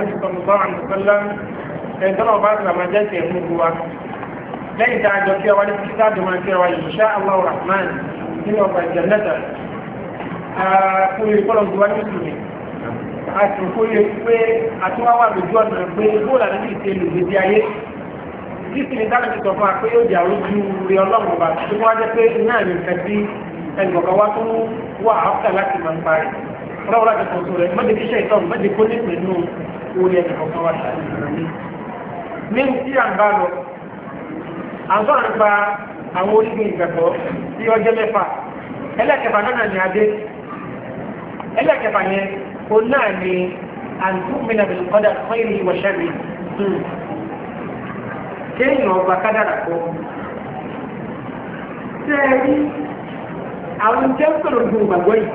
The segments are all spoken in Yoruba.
àrẹ́bí sọ̀rọ̀ àmọ̀sọ́lá ẹni tọ́lọ̀ bá ti làmà jẹ́ tiẹ̀ fún wa lẹ́yìn tá a jọ kí ọwá ní títí táàdù máa kí ọwá yìí ṣá Allah rahman nínú ọgbà ìjẹ̀lẹ́tà fún ìkọlọ̀ ìjọba ní ìsúnmi a sì fún ilé pé àtúwáwà lójú ọ̀nà pé bóòlù àti ìṣe lòdì ayé títí ní dáàbò sọ fún wa pé yóò di àwọn ojú rí ọlọ́run ọba tó wá jẹ́ pé náà ní nǹkan tí ẹnìkọ̀ọ̀kan wá tó wà áfíà láti máa ń parí ọlọ́run láti kọ̀ọ̀tù rẹ̀ mọ́tò ìtọ́ mọ́tò kó orí ẹni kọ̀ọ̀kan wá ṣàlàyé ní tí à ń bá lọ àwọn àgbà àwọn orígun ìgbàgbọ́ tí ọjọ́ mẹ́fà ẹlẹ́kẹ̀fà náà ní adé ẹlẹ́kẹ̀fà yẹn o náà ní àǹtúmìnà bí kọ́dà fún ìlú ìwọ̀ṣẹ́rì kéèyàn ọba kádàrà kọ́ tẹ́ẹ̀rí àwọn jẹ́ pẹ̀lú ìgbàgbọ́ yìí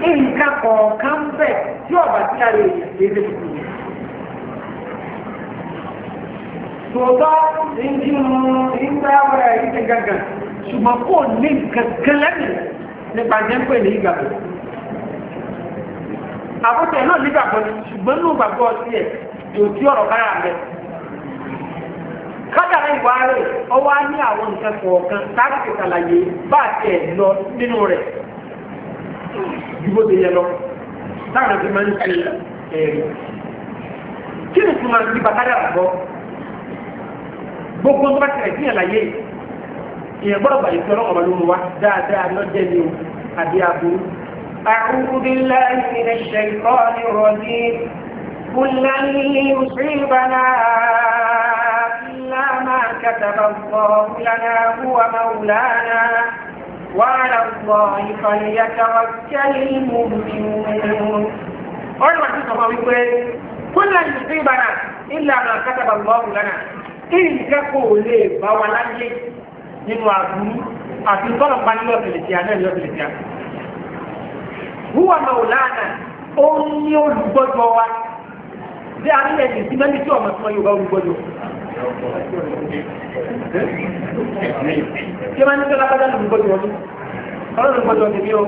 nǹkan kọ̀ọ̀kan bẹ̀ tí ọ̀bà tí a lè yẹ̀ lé lè tòótọ́ ìjìnnú ìgbà wẹ̀ ìgbà gàgà ṣùgbọ́n kò ní nǹkan kan nípa ní ìgbàgbọ́ náà nígbàgbọ́ ṣùgbọ́n ní ìgbàgbọ́ sí ẹ̀ tí ọ̀rọ̀ rẹ̀ ní ẹ̀ bó ti yẹ lọ táwọn ti máa ń ṣe ẹ̀rí kí ni túmọ̀ sí bàtàdà àgbọ̀ gbogbo tó bá tẹ̀lé sí ẹ̀láyé ìyẹn gbọ́dọ̀ gbà yìí tọ́lọ́ ọ̀bàlú wa dáadáa lọ́jẹ́ ni o àbí aburú. أعوذ بالله من الشيطان الرجيم قل لن يصيبنا إلا ما كتب الله لنا هو مولانا وعلى الله فليتوكل المؤمنون wọ́n wá sí sọ́mọ́ wípé kúnlá ìdí ìbára ilẹ̀ àmà kátàbà lọ́ọ̀bù lánàá ìǹkẹ́ kò lè bá wa láyé nínú àbúrú àti tọ́lọ̀ bá nílò ìfìlìtìyà náà nílò ìfìlìtìyà. wúwa màwùlánà ó ní olùgbọ́jọ wa bí a nílẹ̀ ìdí mẹ́lí tí ọmọ tí wọ́n yóò bá olùgbọ́jọ kí máa ní kí lápájá ló ń gbọ́dọ̀ ọdún ọlọ́run ló gbọ́dọ̀ tèmi o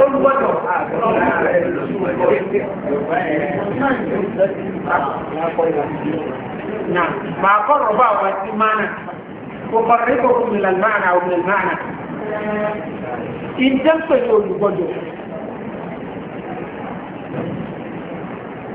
ó ń gbọ́dọ̀ máa kọ́ rọ̀bà wa sí mánà kò kọ̀rọ̀ ní kò fún mi lànà àwọn ọmọ ìlànà ìjẹ́ pẹ̀lú olùgbọ́dọ̀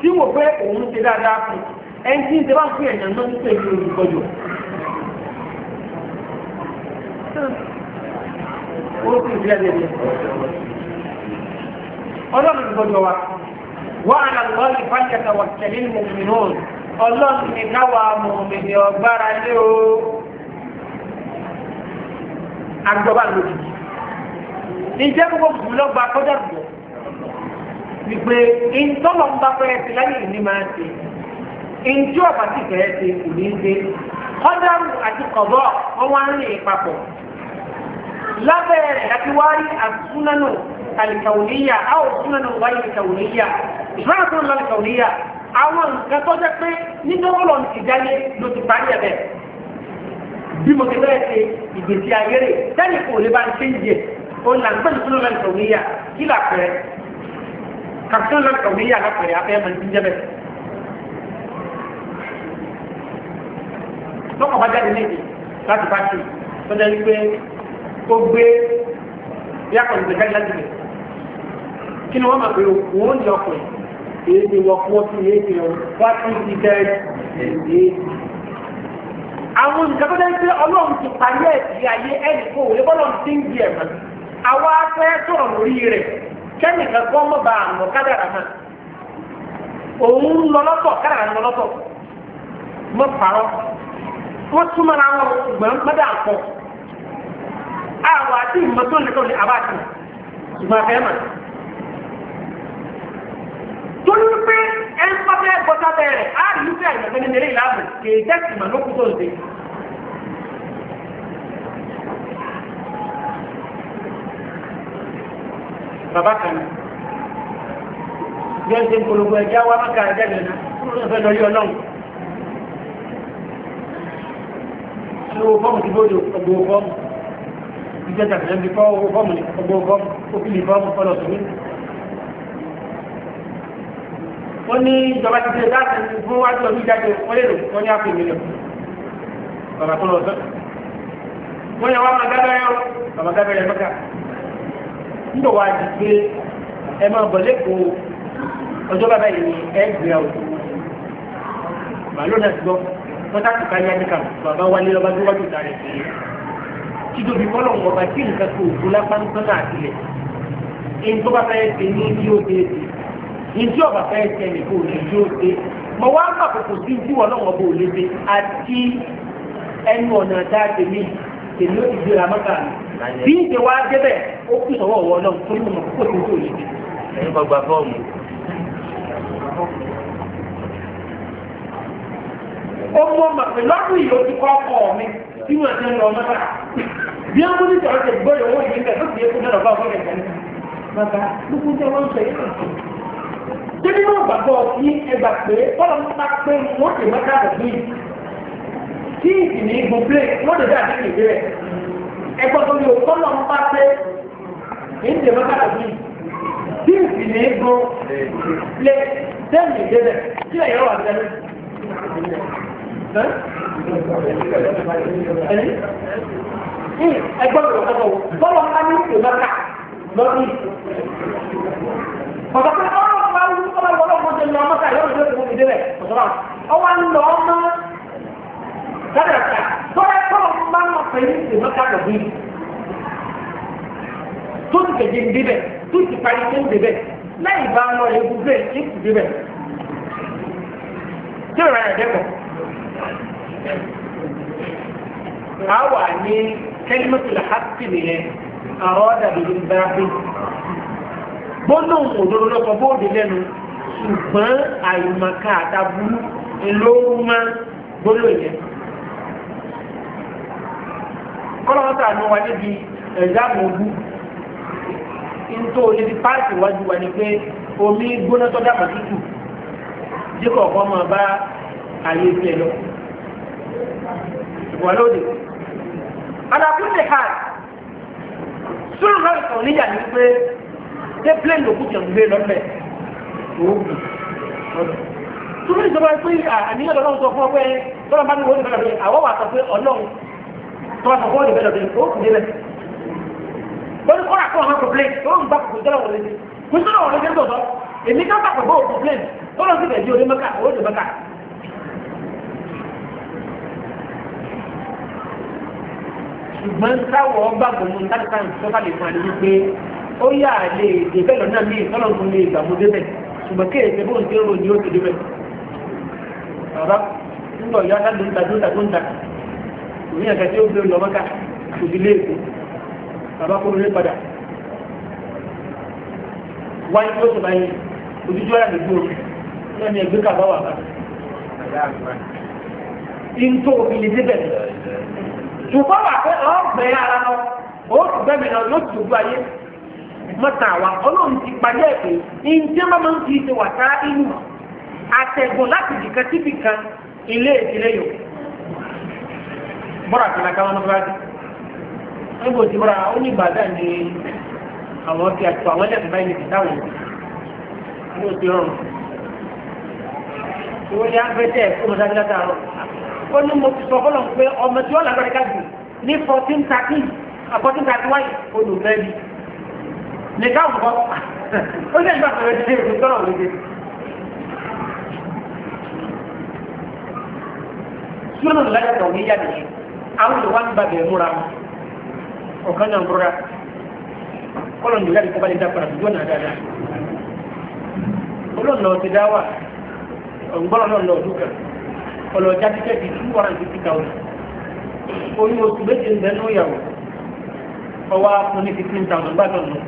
tí wò pé òun ti dáadáa fún ẹni tí ń ṣe bá ń pín ẹ̀yàn náà nípa èyí olùkọ́jọ. orúkọ ìdílé ẹ̀dẹ̀ ni ọlọ́run olùkọ́jọ wa wọ́n á lọ lọ́ọ́ ìfàjẹta wọ̀ tẹ̀lé ní mòmìnì náà ọlọ́run ní káwa mòmìnì ọgbára lé o agbọ́bá lòdì. ìjẹ́ gbogbo gbùlọ́gba kọjá gbùlọ́ wípé ìtọ́lọ̀ ń bá fẹ́ ti láyé ìní máa ṣe ìjú ọ̀bà tí fẹ́ ṣe kò ní ṣe ọ̀dàrú àti kọ̀bọ̀ wọ́n wá ń rìn papọ̀ lábẹ́ rẹ̀ láti wá rí àsúnánù àlìkàwòníyà àwọn àsúnánù wáyé àlìkàwòníyà ìṣúná àsúnánù àlìkàwòníyà àwọn nǹkan tó jẹ́ pé nínú ọ̀rọ̀ ti jáde ló ti parí ẹ̀bẹ̀ bí mo ti bẹ́ẹ̀ ṣe ìgbésí ayé rẹ̀ sẹ́ni lè bá ń ṣe ń jẹ òun là ń pẹ̀lú àsúnánù kí làpẹ̀rẹ̀ kàkán lọ kàwé yà lápẹ̀rẹ̀ abẹ́ ẹ̀mọ̀ ní jẹ́bẹ̀. lọ́kọ̀ bá jáde méjì láti bá ṣe tọ́jà yìí pé ó gbé bí akọ̀lù gbẹ̀jáde láti bẹ̀. kí ni wọ́n máa pè òkú ó ń jẹ ọkùnrin èyí ni wọ́n fún ọtí èyí ni wọ́n wá sí ti jẹ èyí. àwọn nǹkan tó dẹ́ pé ọlọ́run ti parí ẹ̀ sí ayé ẹnì kò wọlé bọ́lọ̀ ń dín di ẹ̀mọ́ àwa fẹ́ sọ̀rọ̀ lórí rẹ̀ kẹ́nìkan kọ́ mọ́ bá àmọ́ kádàrà hàn òun ń lọ lọ́tọ̀ kádàrà ń lọ lọ́tọ̀ mọ́ pàrọ́ wọ́n túmọ̀ ra wọn gbọ̀n mọ́dà àpọ̀ àwọn àti ìmọ̀tò nìkan ní abáàtì ṣùgbọ́n afẹ́ mà. torí pé ẹ ń pàtẹ́ bọ́tà bẹ̀rẹ̀ á rí ìfẹ́ àgbẹ̀gbẹ̀ nínú ilé kì í jẹ́ ìmọ̀ òde. bàbá kan náà bí ó ń ṣe polówó ẹja wá mọ́kà jáde náà fún ọ̀fẹ́ lọ yí ọlọ́run lówó fọ́ọ̀mù tí bóde ọgbọ̀ fọ́ọ̀mù ìjẹ́ tàbílẹ̀ bí fọ́ọ̀mù fọ́ọ̀mù ní ọgbọ̀ fọ́ọ̀mù ó fi lè fọ́ọ̀mù fọ́lọ̀ sí mi. wọ́n ní ìjọba ti ṣe dáàbò fún wájú ọdún jáde wọ́n lè wọ́n ní àpò ìmìlẹ̀ bàbá tó lọ sọ́ wọ́n yẹ wá máa dábẹ́rẹ́ bàbá dábẹ́rẹ́ mẹ́ta nígbà wá di pé ẹ máa bọ̀ lẹ́kọ̀ọ́ ọjọ́ bàbá yìí ni ẹ gbé ọ màlúù náà ti gbọ́ wọ́n sá ti káyé àdìkà bàbá wálé lọ́ba tó wájú ìta rẹ̀ sí i títóbi fọ́lọ̀ wọn bá tí nǹkan tó òkú lápá ń tọ́nà àtìlẹ̀ ẹni tó bá fẹ́ ṣe ní bí ó ṣe é ṣe ní tí ọba fẹ́ ṣe ní kò ní bí ó ṣe mọ wá pàkókò sí ìdíwọ̀ náà wọn bò lédè àti ẹnu ọ̀nà àtàtẹ̀ méjì èmi ó ti gbéra mọ́ta mi bí ìgbé wa débẹ̀ ó kú sọ́wọ́ ọ̀wọ́ náà torí mo mọ̀ kókò tó tó yìí. ẹ̀yin kan gba fọ́ọ̀mù. ó mú ọmọ pé lọ́dún yìí ó ti kọ́ ọkọ mi tí wọ́n ti ń lọ mọ́ta bí wọ́n ní sọ̀rọ̀ tẹ̀ gbọ́ ìyọ̀wọ́ yìí bẹ̀ tó ti yẹ kó náà bá ọkọ̀ rẹ̀ jẹ́ bàbá gbogbo jẹ́ wọ́n ń ta tí ìsìn ní gbogbo wọ́n lè dá àdéhùn ìbílẹ̀ ẹgbọ́n tó ní òkú ọlọ́run bá pé ń dè mọ́ káàdà bíi tí ìsìn ní gbọ́ lé sẹ́yìn ìdébẹ̀ tí ẹ̀yọ́ wà sẹ́yìn. ẹgbọ́n tó kọ́ tó bọ́lọ̀ bá ní ìsìn mọ́ká lọ́dún ọ̀dọ̀ pé ọlọ́run bá ń lọ́wọ́ ọlọ́run tó ń lọ mọ́ká yọ̀ọ́ kada ka tọ́lá tọ́lá máa ń pè ní ìmọ̀ ká lọ bí tó ti kẹ̀jẹ̀ ń débẹ̀ tó ti parí tó ń débẹ̀ láì bá ń lọ ewu bẹ́ẹ̀ tó ti débẹ̀ tí ò rà ẹ̀ dẹ́kọ̀. a wà ní kẹ́límọ́tìlá hàpì nìyẹn àwọn ọ̀dàbí ń bá bí òdòdó lọ́kọ̀ bóòdì lẹ́nu ṣùgbọ́n àìmọ̀ká àtàbùrú ńlọ́rùn máa gbọ́dọ̀ yẹn kọ́lọ́wọ́ tà ní wa níbi ẹ̀dáàmù ojú nítorí níbi páàkì wájú wa ni pé omi gbóná tó dàgbà tútù díkọ̀ ọ̀kọ́ máa bá ayé tiẹ̀ lọ. ìwà lóde alákùnrin ha sórí náà ìtàn níyà ni pé ṣé plane ló kù jẹ̀ ń gbé lọ́lẹ̀ òògùn túnbí ìjọba pé àníyàn lọ́wọ́ sọ fún ọ pé tọ́lá bá ní wọ́n ní bàbá mi àwọn wà sọ pé ọlọ́run tọ́wọ́ sọ bọ́ọ̀lù bẹ́ẹ̀ lọ́dún ó kù débẹ̀. wọ́n ní kọ́ àkọ́ àwọn complain tó ń gbà kò tẹ́lẹ̀ wọlé kò tẹ́lẹ̀ wọlé jẹ́ tọ̀tọ̀ èmi ká gbà pẹ̀lú complain tó lọ sí bẹ̀ẹ́dì onímọ̀ká owó dè mọ́ká. ṣùgbọ́n táwọn ọgbà gbòmù táǹkà ìṣọ́fà lè fún àdéhùn pé ó yà á lè dè bẹ́ẹ̀ lọ́nà míì tọ́lọ̀ tó lè gbà mú débẹ̀ ṣùgbọ́n kéè ṣe bóun ti ní ó ní àgbà tí ó gbé lọ mọ́ká kò sí léèkó bàbá kó lórí padà wáyé tó sọ báyìí òjújú ọ̀yà lè gbòòrò náà ni ẹgbẹ́ kàbá wà bá in tó omi lè débẹ̀ ṣùgbọ́n wà pé ọ̀ bẹ̀ ara lọ ó ti bẹ́ẹ̀ lọ yóò tó gbọ́ ayé mọ́ta wa ọlọ́run ti parí ẹ̀ ìjẹ́ máa ń fi ṣe wà sáà inú àtẹ̀gùn láti dìkan síbìkan ilé ìdílé yòókù bọ́ra kan ká wọn fúlàjì wọn bò ti bọ́ra ó ní gbàdá ní àwọn ti àtúwò àwọn ẹlẹ́sìn báyìí ti dáwọ̀ ní òsì rọrùn ìwé ni a fẹ́ tẹ̀ kó mo dájú ó ní mo ti sọ fọlọ́ pé ọmọ tí wọ́n lágbára ká jù ní fourteen thirteen fourteen thirty one olùfẹ́ bi ní káwọn kọ́ ó sì ń bá fẹ́rẹ́ dé ìlú tọ́lọ̀ lóde. súnmọ́ lọ́dọ̀ tó ń yá nìyẹn àwọn ìwà ń gbàgbé múra ọ̀kan náà múra kọ́lọ̀ nígbà tí kọ́bá lè dá padà dúró náà dáadáa olóòlò ti dá wà ọ̀gbọ́n náà lọ ọdún kan ọ̀lọ́ ọjà títẹ̀ di two hundred and fifty thousand oyún oṣù méje ń bẹnu ìyàwó ọwọ́ fún ní fifteen thousand gbàgbọ́n náà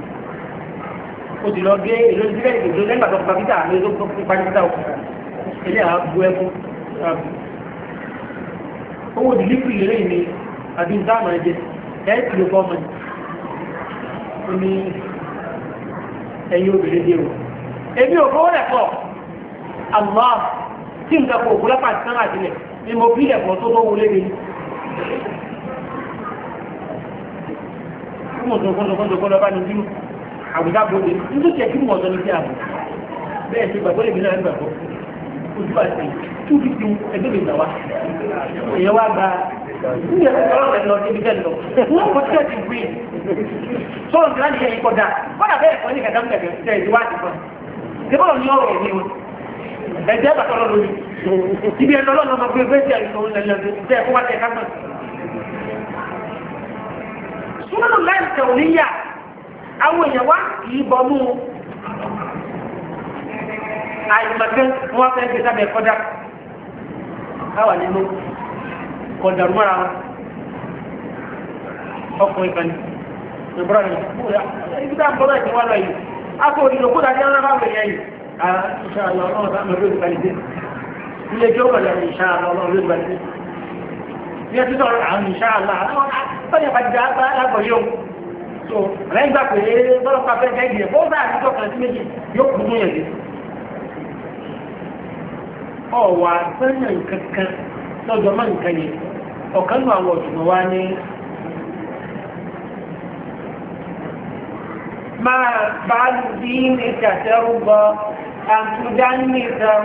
o ti lọ gé èlò ìdílé ìdòdó lẹ́gbàá tó pa peter àmì ló tó parí peter òkúta ilé àgbo ẹkún owó dìlípì lè rìn ní àbí ń dáàmà ẹjẹ ẹ̀ẹ́kì ló bọ́ mọ́ni ó ní ẹ̀yìn obìnrin dé o èmi ò fọwọ́ rẹ̀ pọ̀ àmọ́ tí nǹkan kò kúlẹ̀ pàṣẹ náà àtìlẹ̀ ni mo bí ẹ̀fọ́ tó tó wọlé mi fún mọ̀tò kọ́ńtòkọ́ńtòkọ́ lọ́ba ní bínú àwùjá gbòde nítorí ẹ̀kí mọ̀tò ní kí àbò bẹ́ẹ̀ ṣe gbàgbọ́ lèmi náà ń gbàgbọ́ ojú àti ẹ̀yìn tú fi ju ẹgbẹ́ mi lọ́wọ́ èyẹ wá gba níyẹn tó tọrọ rẹ lọ débi bẹ́ẹ̀ lọ wọ́n kò tẹ́ ti gbé sọ̀rọ̀ nígbà níyẹn yìí kọ̀ dáa wọ́n àbẹ́ ẹ̀kọ́ ní kàkà mẹ́tẹ̀ẹ̀kẹ́ tẹ̀ ìwá ti fọ́ ṣébọ́n ní ọ̀rọ̀ ẹ̀mí o ẹ̀jẹ̀ bàtọ́ lọ lórí ibi ẹ̀ lọ́lọ́ lọ́mọ gbé bẹ́ẹ̀ tẹ̀ ìṣòro lẹ́lẹ́ àwọn èèyàn wá kì í bọ́ mú àìmọ̀kẹ́ wọn fẹ́ gbé sábẹ́ kọjá káwà nínú kọ̀dàrú mọ́ra ọkùnrin kan ìbúra rẹ̀ ibi tá a bọ́ láti wá lọ yìí a kò ní lòkú dájú ọ̀nà bá wẹ̀yẹ yìí a ṣe àlọ́ ọlọ́run bá mẹ́rin ìgbà nìdé ilé tí ó wà lẹ́nu ìṣá àlọ́ ọlọ́run ìgbà nìdé ní ẹ ti sọ̀rọ̀ àwọn ìṣá àlọ́ àwọn ọ̀nà ọ̀wà sẹ́yìn kankan lọ́jọ́ máa nǹkan yẹn ọ̀kan nù àwọn ọ̀ṣùgbọ́n wa ní. máa bá bí mi kàtẹ́rùbọ àtúndánìkan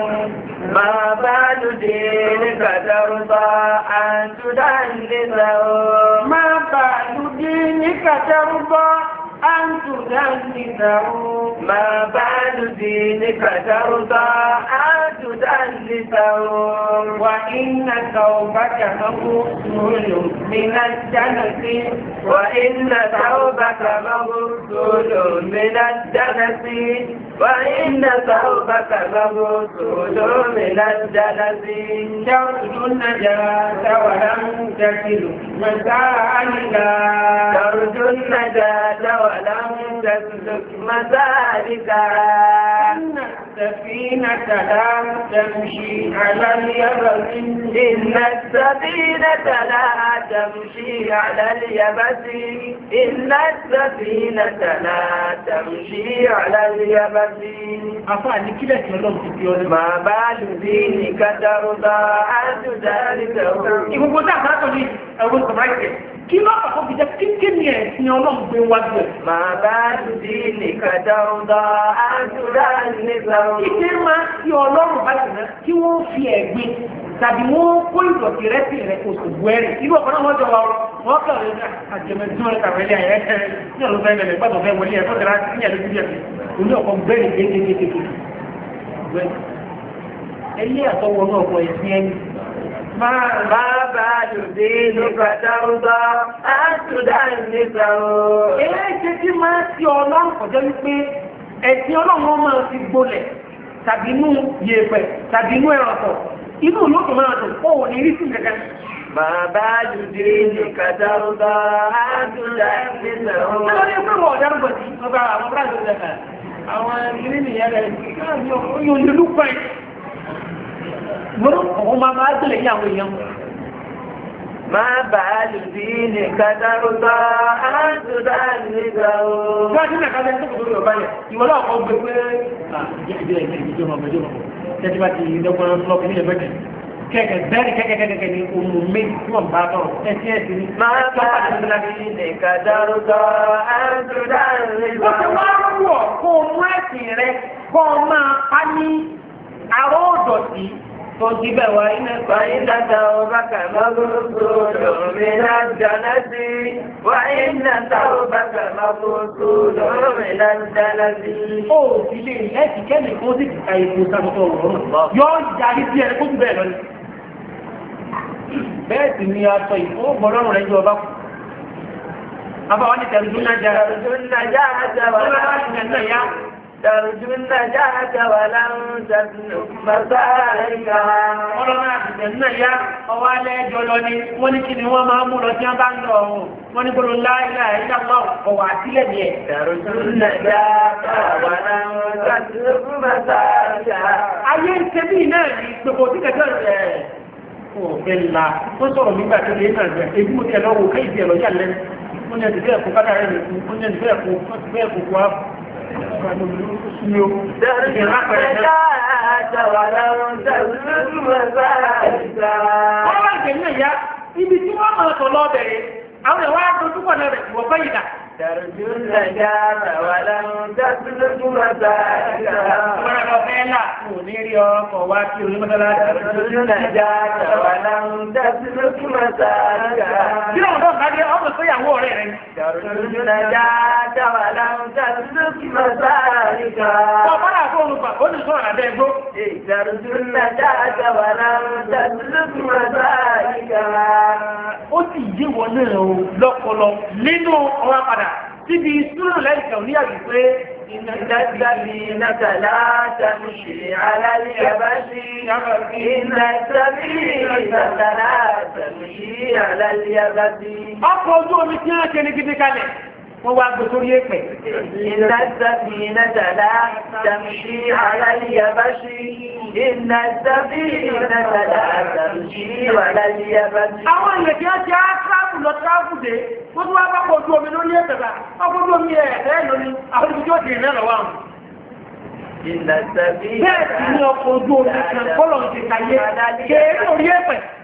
máa bá lóde ní kàtẹ́rùbọ àtúndánìkan máa bá lóde ní kàtẹ́rùbọ. أن تدلسه ما بعد دينك ترضى أن تدلسه وإن ثوبك مغسول من الدنس وإن ثوبك مغسول من الدنس وإن ثوبك مغسول من الدنس ترد النجاة ولم تكل مساء الله ترد النجاة ولم ولم تسلك مسالكها السفينة لا تمشي على اليبس إن السفينة لا تمشي على اليبس إن السفينة لا تمشي على اليبس أفعل كلا كلام ما بال دينك ترضى أن تدارسه يقول ده هذا لي أقول لك kí ló àpapọ̀ fi jẹ́ kíkí ni ẹ̀sìn ọlọ́run gbé wájú ẹ̀. Màbá dùdí nìkan dáńdọ́, àdúrà nìkan. Ìdí máa ń fi ọlọ́run bá jù náà kí wọ́n fi ẹ̀gbin tàbí wọ́n kó ìdọ̀tí rẹ̀ sí rẹ̀ oṣù gbẹ́rẹ̀. Irú ọ̀kan náà wọ́n jọ wa wọ́n kàn lè ní àjẹmẹ́tún rẹ̀ kàwé ní ayẹyẹ ẹ̀rẹ́ ní ọ̀lú fẹ́ mẹ́lẹ̀ gbàdọ̀ fẹ́ wọlé ẹ̀fọ́ dára sí ní àdójú yẹn. Olú ما بعد دينك ترضى أتدنسه Èéṣe tí máa ti ọlọ́run kọjọ́ wípé ẹ̀sìn ọlọ́run ọmọ ti gbolẹ̀ tàbí inú yèèpẹ̀ tàbí inú ẹ̀rọ̀pọ̀ inú olóòtú máa dùn kó òní rí sí kankan. Bàbá àjùdé ní kàdárúgbà àdúrà ìpínlẹ̀ ọ̀hún. Ẹ lọ ní pé wọ́n ọ̀dárúgbà tí wọ́n bá àwọn bráàdì ọ̀dẹ̀ kan. Àwọn ìrìnìyàn rẹ̀ yóò ní lúpẹ̀ yìí ṣùgbọ́n òun máa máa tẹ̀lé ní àwọn èèyàn. máa bà á lè bí ní kàdárúbá àádọ́dá nígbà o. bí wọ́n ti nà kálẹ̀ tó kòtò yorùbá yẹn ìwọ náà kọ́ gbé pé ìdílé ìdílé ìjọba ìjọba tẹ́tí bá ti lọ́gbọ́n lọ́kùn nílẹ̀ mẹ́tẹ̀ kẹ̀kẹ́ bẹ́ẹ̀ni kẹ̀kẹ́ ni òun mi tí wọ́n bá tọ̀rọ̀ ẹ̀sìn ẹ̀sìn ni. máa bá àdúrà ní kàdárúbá àádọ́dá nígbà o. ó ti wá rúwọ̀ kó mú ẹ̀sìn rẹ kó máa pa ní àrọ́ ọ̀dọ̀ Fojú bẹ̀ wá iná fàyí dáta ọba kàmá gbogbo lómìnà dáná sí. Wá iná ta ọba kàmá gbogbo lómìnà dáná sí. Ó fi lè ẹ̀sì kẹ́lì kó sì kìka ìlú sáfọ́fọ́ ọ̀rọ̀. Yọ́ yarí sí ẹni kó tún bẹ́ẹ̀ lọ ni. Bẹ́ẹ̀ sì ni aṣọ ìfowópamọ́ rẹ̀ jọ ọba kù. Abáwọn ní tẹ̀lé dúnnájà. Tẹ̀lé dúnnájà àti àwọn ọba ترجو النجاة ولن تسلك مسالكها. ọlọ́run àtìgbẹ̀ náà yá ọwọ́ alẹ́ ẹjọ́ lọ ni wọ́n ní kí ni wọ́n máa ń mú lọ tí wọ́n bá ń lọ ọ̀hún wọ́n ní gbọ́dọ̀ láìlà ẹ̀dá mọ́ ọ̀wọ́ àtìlẹ̀ yẹn. ترجو النجاة ولن تسلك مسالكها. ayé ń ṣe bí náà ní gbogbo tí kẹjọ rẹ̀ sọ̀rọ̀ nígbà tó lé náà rẹ̀ ebí mo tẹ̀ lọ́wọ́ yà lẹ́nu ó ní ẹ̀dùn bẹ́ẹ̀ kó bá Ibi tí wọ́n máa sọ lọ́bẹ̀rẹ̀ àwọn èèyàn wá dojú pọ̀ náà rẹ̀ wọ́n bẹ́yìí dà. Dàrúdú nàìjà ràwà láwọn dásílẹ̀ tó máa ta ẹ̀ka. Wọ́n rẹ̀ lọ bẹ́ẹ̀ là kò ní rí ọkọ̀ wá kí onímọ̀tàlá. Dàrúdú ọlọ́run pa ó ní sọ̀rọ̀ àbẹ́ gbó. ìdàrúdúrúnà dáadáa wà láńtà lókùnmọ̀ báyìíká. ó sì yé wọn náà o lọ́pọlọ nínú ọwọ́ padà síbi sùúrù lẹ́yìn kan ní àgbè pé. إنك لا تمشي على اليبس إن سبيلك لا تمشي على اليبس. أقول لك أنك نجدك عليه wọ́n wá gbé sórí èpè. iná sábì iná dàda tàmṣí aláyàbáṣí. iná sábì iná dàda tàmṣí aláyàbáṣí. àwọn èèyàn tí wọ́n ti á tíráàbù lọ tíráàbù dé wọ́n tún wá bá pọ̀ ojú omi lórí èpè bá ọkọ̀ ojú omi ẹ̀ ẹ̀ àwọn ibi ojú omi kan kọ́lọ̀ ti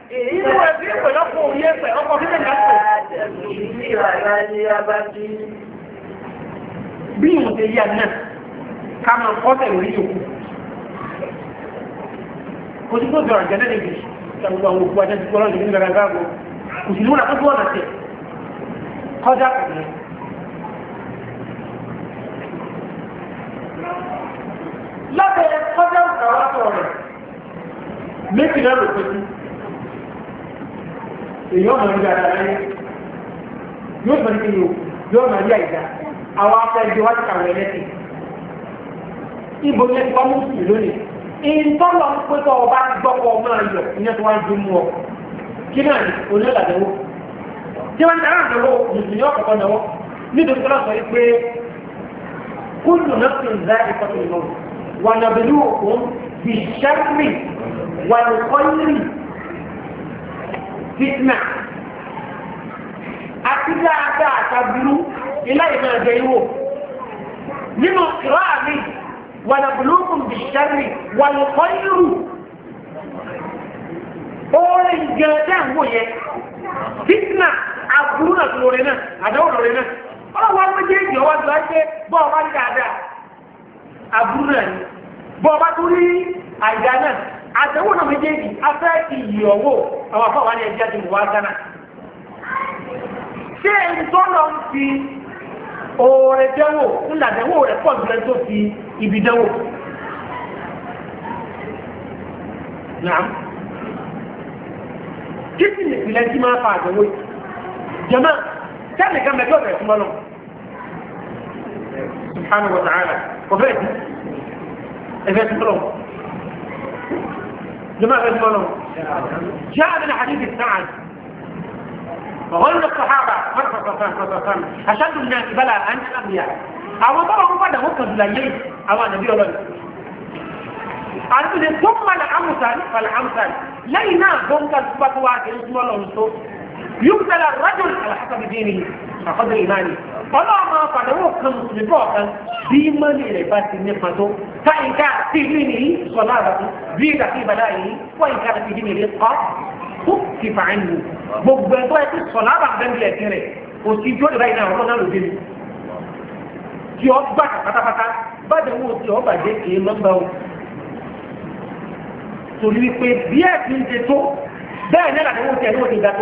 Irú ẹ̀sìn ìpẹ̀lẹ́ ọkọ̀ òun yẹ pẹ̀ ọkọ̀ fífẹ̀ láti. Bí ìwọ̀n ṣe yà náà, ká máa kọ́ tẹ̀lé orí yòókù. Kò sí tó bẹ̀rẹ̀ jẹ́ lẹ́nu ìgbésí, ṣàgbọ́n àwọn òkú ajá ti gbọ́ lọ́dún nígbà gàgà bọ̀. Kò sí lóun àkókò ọ̀nà tẹ̀. Kọjá kò èyàn mọ̀ ní dáadáa láyé yóò mọ̀ ní kíni o yóò mọ̀ ní àìdá àwọn afẹ́jọ́ wá ti kàwé ẹlẹ́sìn ibo ní ẹ̀kọ́ mú sí lónìí ìtọ́lọ̀ ń pé tọ́ ọba gbọ́kọ̀ máa yọ ìyẹn tó wá ju mú ọ kí náà ní onílàdẹ̀wò tí wọ́n ń darán àdánwò mùsùlùmí ọ̀kọ̀ọ̀kan náà nítorí tọ́lá sọ pé kúlù náà ti ń dá ìkọ́tù ìmọ̀ wà nàbẹ̀lú òkun bìṣẹ́rì wà lùkọ́yìrì fitna àti dáadáa àtàbírú ilá ìmọ̀ ẹ̀jẹ̀ ìwò nínú kìlọ́ àmì wàlàbùlùkùn bìṣẹ́rì wàlùkọ́ irú oore gẹ̀ẹ́dẹ́ àwọn yẹn fitna aburú náà lórí náà àdáwò lórí náà ọlọ́wọ́ méjèèjì ọwọ́ tó ẹ́ pé bọ́ọ̀ bá ń dáadáa aburú náà ni bọ́ọ̀ tó rí àìdá náà àtẹ̀wò náà méjèèjì afẹ́ iyì ọ̀wọ́ àwọn afọ́wà ní ẹjẹ́ ti mú wá gánà ṣé ẹni tó lọ ń fi oore dẹ́wò ńlá dẹ́wò rẹ̀ pọ̀ jù ẹni tó fi ibi dẹ́wò nàám kí sì ní ìpìlẹ̀ tí máa fa àdánwò yìí jẹ́mọ́ sẹ́ni kan mẹ́jọ́ bẹ̀rẹ̀ súnmọ́ náà subhanahu wa ta'ala kò جماعة الملو جاء من حديث السعد وغل الصحابة مرفة صفان صفان أشد الناس بلا أنت الأنبياء أو طبعا بعد مكة بلالي أو نبي الله àti ثم الأمثل فالأمثل لينا بنك السبق واحد اسم الله يبتلى الرجل على حسب دينه àkọ́dọ̀ ìmáàlì ọlọ́run máa fàdánwò kan mùsùlùmí bọ̀ kan bí mọ́lì rẹ̀ bá ti ní pàtó káyìnká sí ìlú ní sọ̀lá àbàtú bí ìgbà sí ìbàdà yìí wọ́n ìka ti di mèrè kọ́ kó ti fà ń lù gbogbo ẹ̀tọ́ ẹ̀ ti sọ̀lá àbàbẹ́ńgilẹ̀ ti rẹ̀ òsì jó ìbáyìí náà ọlọ́run náà ló dé mi tí ọ gbà pátápátá bàdánwò tí ọ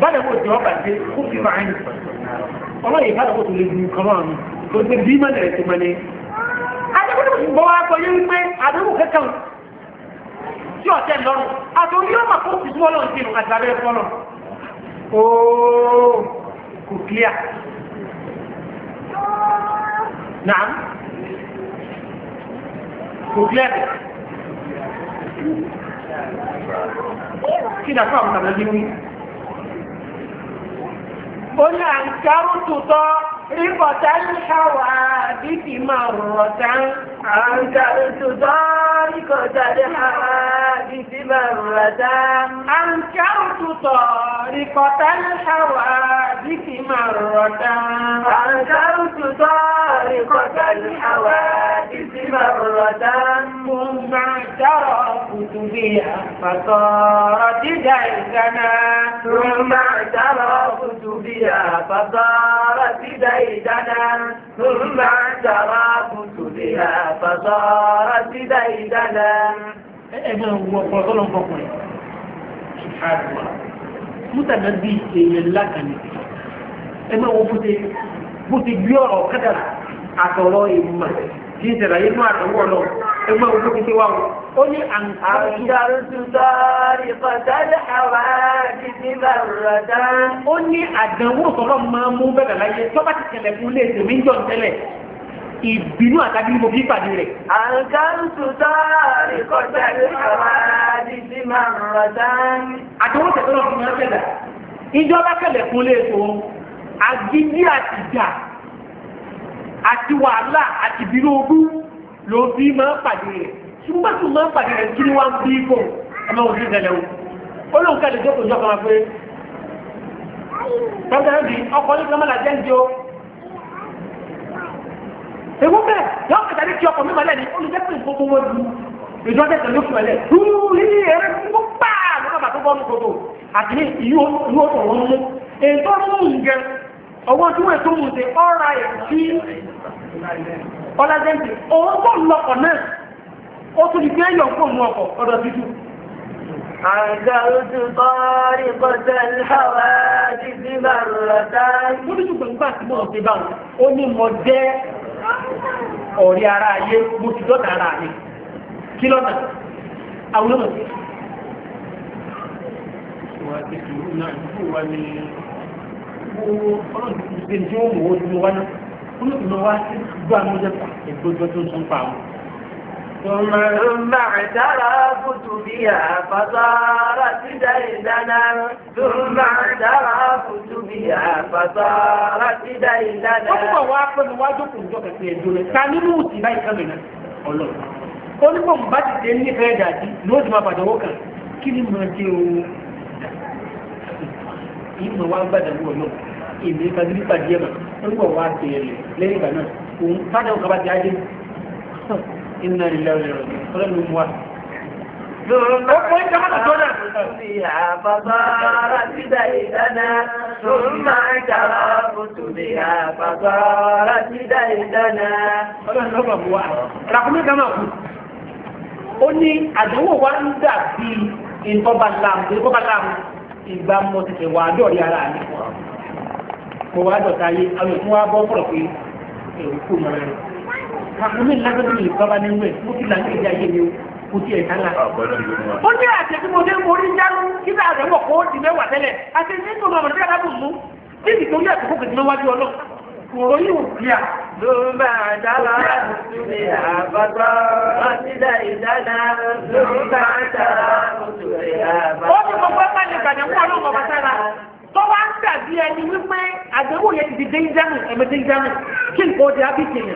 bada ko jọ ba se ko fi ma ayi ọlọ yìí bada ko tó lè du kama mi o ti bí ma nẹrẹ tó ma ne. adébóló ti bọ́ wa kọ́ yé wípé àdébò kankan tí ọ̀tẹ̀ lọ́rùn àtòrí yóò máa kó fi fún ọlọ́run sínú àti abẹ́rẹ́ fún ọlọ́run. ooo kò clear. naam kò clear kí ni a kọ́ àwọn tàbí ẹgbẹ́ قل أنكرت ضاربة الحوادث مرة أنكرت ضاربة الحوادث مرة أنكرت ضاربة الحوادث مرة أنكرت ضاربة الحوادث مرة ثم اعترفت بها فصارت جيشنا ثم اعترفت بها فصارت ديدنا ثم اعترى كتبها فصارت ديدنا ẹgbẹ́ ọgbọ̀n ọ̀pọ̀lọpọ̀ ọkùnrin ṣùgbọ́n mútàdá bí èèyàn lákàní ẹgbẹ́ wọn bó ti gbé ọ̀rọ̀ kádàrà àtọ̀rọ̀ èèmà kí n mú àtọ̀wọ̀ náà ẹgbẹ́ òkú ti ṣe wá wọn. ó ní àǹkàrú. ó ní àdánwò sọ́rọ̀ máa mú bẹ̀rẹ̀ láyé tó bá ti tẹ̀lẹ̀ fún ilé ìsinmi ń jọ tẹ́lẹ̀ ìbínú àtàbí mo fi pàdé rẹ̀. àǹkàrú sọ́rọ̀ ìkọjá ìkọjá ìdí máa rọ̀ dán. àdánwò tẹ̀sọ́rọ̀ fún wọn tẹ̀lẹ̀. ìjọba tẹ̀lẹ̀ fún ilé ìsòwò àgídí àtìjà àti wàhálà àti ìbínú ogún ló bí máa pàdé rẹ̀ ṣùgbọ́n tó máa pàdé rẹ̀ kí ni wọ́n bí kò ọmọ òṣèlú ìdẹ̀lẹ̀ o ó lóun kẹ́lẹ̀ tó kò jọ kama pé pẹ́ẹ́tẹ́rẹ́ bí ọkọ̀ ní kọ́mọ́lá jẹ́ ń jẹ́ o ewu bẹ́ẹ̀ yọ kẹta ní kí ọkọ̀ mi mọ̀lẹ́ ni olùjẹ́ pé gbogbo wọn du ìjọ tẹ̀sán ló fi mọ̀lẹ́ dúró yìí ẹ̀rẹ́ gbogbo gbáà lọ́nà bàtọ́ bọ́ọ̀lù kòtò àti ní ìyó tó wọ́n mú ètò ọmọ òun gẹ ọwọ́ tí wọ́n ètò òun ṣe ọ̀rà ẹ̀ ọlájẹ́ǹtì òun kò lọ́kọ̀ náà ó tún di pé ẹ̀yọ̀ kò mú ọkọ̀ ọ̀dọ̀ títú. عجوت طارقة الحوادث مرتان Mo ní ṣùgbọ́n nígbà tí mo rọ̀ sí báwọn, ó ní mo jẹ́ ọ̀rí ara ayé, mo ti dọ́ta ara mi. Kí lọ́nà? Àwọn olóòmọ̀ ni, gbogbo ọlọ́run ti ṣe ní mú owó nínú náà olóògbé wá sí gbọ́ àmójẹ́pà ìgbógbó tó tún pa wọn. ثم اعترفت بها فصارت ديدنا ثم اعترفت بها فصارت ديدنا. wọ́n túbọ̀ wá pé wọ́n jókòó jọ kẹ̀kẹ́ ìdúró ká nínú òsì báyìí kẹ́mi náà ọlọ́run. ó ní bọ̀ bá ti dé nífẹ̀ẹ́ dàdí ni ó sì máa bàjẹ́ wọ́n kàn kí ni mo ti o. ìmọ̀ wá gbàdúrà ọlọ́run èmi kadiri pàdé ẹ̀mà ń bọ̀ wá sí ẹ̀lẹ̀ lẹ́yìn ìgbà náà òun kájà òun kaba ti ajé iná ilẹ̀ ọ̀lẹ̀ rẹ̀ ọ̀lẹ́ ló mú wa. Ọkọ̀ ìjọba tó náà. Ní àbàbára sídà ìdáná, tó ń máa jàrá kòtò ní àbàbára sídà ìdáná. Ọlọ́run ló bà mú wa. Ràkúnmí kan máa kú. Ó ní àdánwò wa ń dà bíi ìtọ́ba láàmù ìgbà mọ́ tètè wà á dọ̀rí ara rẹ̀ mo wá dọ̀tá yé àwọn èkó wá bọ́ pọ̀ pé èrò kò mọ̀ rẹ̀. àkùnmí lágbàdo lè bá bá ní wẹ̀ mo ti là ní ìdí ayé mi o kò tí ẹ̀ kálá. Ah, ó ní àtẹ̀tí mo dé mo rí jánu kí náà rẹ̀ mọ̀ kó o di mẹ́wàá tẹ́lẹ̀ àti nínú ọmọ rẹ̀ dábò mú kí ni tó yẹ àkókò kò ti mẹ́ wájú ọlọ́ Kòrò yóò bí a. Lóòmà dábà lórí àbátọ́, wọ́n ti dá ìdáná. Lóòmà dábà lórí àbátọ́. Ó ní gbogbo ẹgbẹ́ ìgbàdàn fún ọlọ́mọ bàtà náà tó wá ń dàbí ẹni wípé àdéhùn yẹn ti di déńjámù ẹ̀mí déńjámù kí n kò di ábíkì mi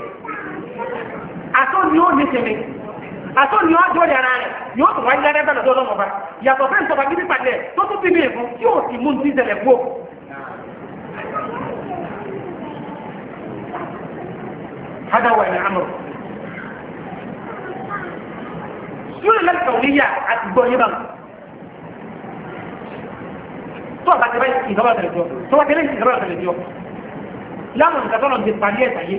àtó ni ó ní tèmi àtó ni ó jó yàrá rẹ̀ yóò tó wáyé lẹ́rẹ́ bẹ́ẹ̀ lọ́dọ́ lọ́mọba yàtọ̀ fẹ́ ìjọba bíbí pàdé tó tún bíbí ìfún tí ò sì mú ní ìṣẹ̀lẹ̀ kú هذا هو الأمر سورة الكونية أتبعي toda a tó àbá tẹ́lẹ̀ ìjọba tẹ̀lẹ̀ jọ tó bá tẹ́lẹ̀ ìjọba tẹ̀lẹ̀ jọ láwọn nǹkan tọ́lọ̀ ti parí ẹ̀ tàyé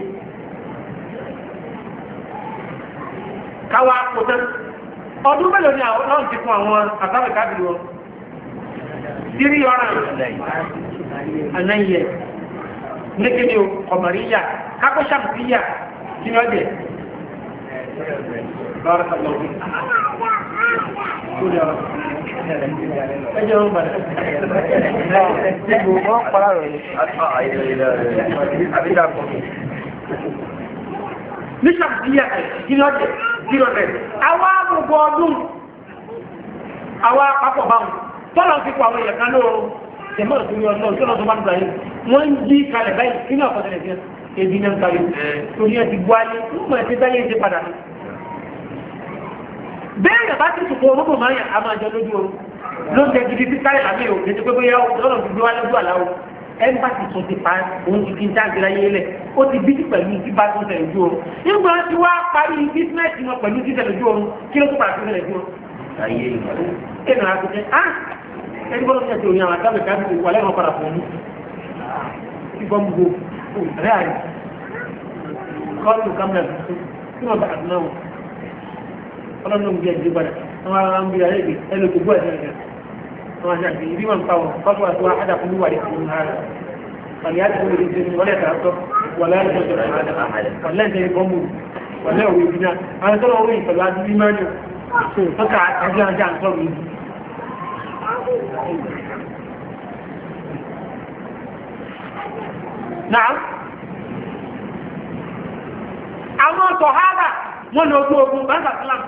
káwa a tán ọdún mélòó ni àwọn náà ti fún àwọn àtàwọn káàdì wọn sírí ọ̀ràn ànáyẹ nìkéde ọmọríyà kákọ́sàmùsíyà kí ni ọjẹ́ lọ́rọ̀ sọ̀rọ̀ ẹjọ́ ń padà. ṣùgbọ́n wọ́n para rẹ̀ ni. àbídà kọ́. ní sàkíyà ìlọ́jẹ̀ ìlọ́jẹ̀ àwa gbogbo ọdún àwa papọ̀ báwọn tọ́lọ̀ ti pa àwọn èèyàn kan lóorun jẹ̀mọ́ ìtúrí ọlọ́run tọ́lọ̀ tó bá ń gbà yín wọ́n ń jí kalẹ̀ báyìí nínú àkọsílẹ̀ fi ẹbí náà ń kalẹ̀ torí ẹ ti gbọ́ alẹ́ nígbà tí báyìí ti padà ní bẹ́ẹ̀rẹ̀ bá ti sùpọ̀ orúkọ máa ń yà á máa jẹ lójú oorun ló ń jẹ gidi sí káyọ̀ àmì ò lẹ́jọ́ pé bóyá ọlọ́run ti gbé wá lójú àlá o ẹ́mbàsì tó ti pa òun ti fi ń dágbéra yé lẹ̀ ó ti bíjì pẹ̀lú bíbá tó tẹ̀lé ojú oorun nígbà wọn ti wá parí bísínẹ́sì wọn pẹ̀lú títẹ̀lé ojú oorun kí ló tó pàṣẹ tẹ̀lé ojú oorun. ah ẹni bọ́lá ṣe òyìn àwọn àtàwọn ìdájọ́ ìwà lẹ́nu ọ̀padà fún mi. ìbọn gbogbo rẹ̀ àyè kọ́ọ̀lù kámẹ́rà tuntun ọlọ́run bí ẹ̀jẹ̀ padà àwọn ará ń bí ara ẹ̀gbẹ̀ ẹlò tó gbọ́ ẹ̀jẹ̀ ẹ̀jẹ̀ àwọn àṣà àti ìbí máa ń pa wọn pápá àti wọn àdà fún wàlẹ̀ fún ara pàlẹ́ àti fún ìdíje ní wọlé ẹ̀ka àtọ́ wọlé ẹ̀jẹ̀ ọjọ́ rẹ̀ wọlé ẹ̀jẹ̀ ìbọn mú wọlé òwe ìbíná àwọn tó lọ́wọ́ ìpẹ̀lú àti bí máa ń yọ sọ́kà àti àjà àǹtọ́ mi. Nàá àwọn sọ̀hádà wọn lọ gbọ́ ogun bá ń sàtìlámù